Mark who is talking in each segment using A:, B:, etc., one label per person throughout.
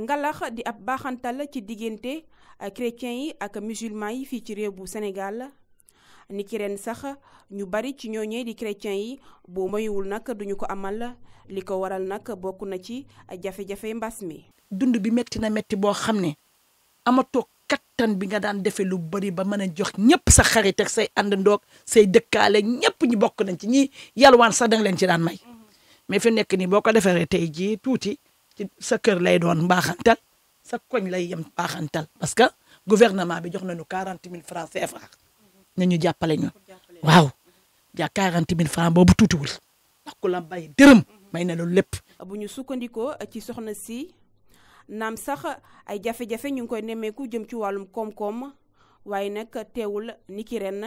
A: ngalax di ab baaxantal ci diggante eh, chrétien yi ak musulman yi fii ci réew bu Sénégal ni ki ren sax ñu bari ci ñooñee di chrétien yi boo moyuwul nag duñu ko amal li ko waral nag bokk na ci jafe-jafe mbas mi.
B: dund bi métti na métti boo xam ne amatoo kattan bi nga daan defee lu bari ba mën a jox ñëpp sa xarit ak say àndandoog say dëkkaale ñëpp ñu bokk nañ ci ñi yalwaan sax da leen ci daan may. Mhm. mais fi nekk nii boo ko defee tey jii tuuti ci sa kër lay doon mbaaxantal sa koñ lay yem mbaaxantal parce que gouvernement bi jox nañu quarante mille francs CFA na ñu jàppale ñu waaw ja quarante mille francs boobu tuutiwul
A: ndax ku la bay dërëm may na loolu lépp. bu ñu sukkandikoo ci soxna si naam sax ay jafe-jafe ñu ngi koy nemmeeku jëm ci wàllum koom-koom waaye nag teewul ni ki ren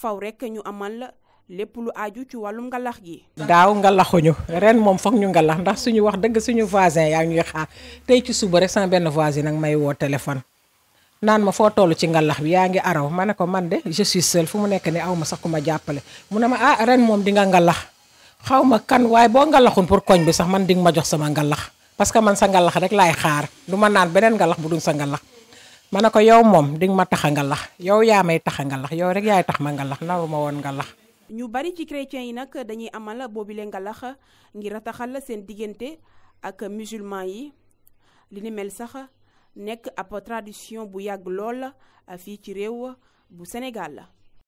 A: faw rek ñu amal. lépp lu aju ci wàllum ngalax gi.
C: daaw ngalaxuñu ren moom foog ñu ngalax ndax suñu wax dëgg suñu voisin yaa ñuy xaar tey ci suba rek sama benn voisin nag may woo téléphone naan ma foo toll ci ngalax bi yaa ngi araw ma ne ko man de je suis fu mu nekk ni aw ma sax ku ma jàppale mu ne ma ah ren moom di nga ngalax xaw ma kan waaye boo ngalaxun pour koñ bi sax man di ma jox sama ngalax parce que man sa ngalax rek laay xaar du ma naan beneen ngalax bu dul sa ngalax. ma ne ko yow moom di ma tax a yow yaa may tax a yow rek yaay tax ma ngalax naru ma woon ngalax
A: ñu bari ci chrétiens yi nag dañuy amal boobile ngalax ngir rataxal seen diggante ak musulman yi li ni mel sax nekk ab tradition bu yàgg lool fii ci réew bu Sénégal la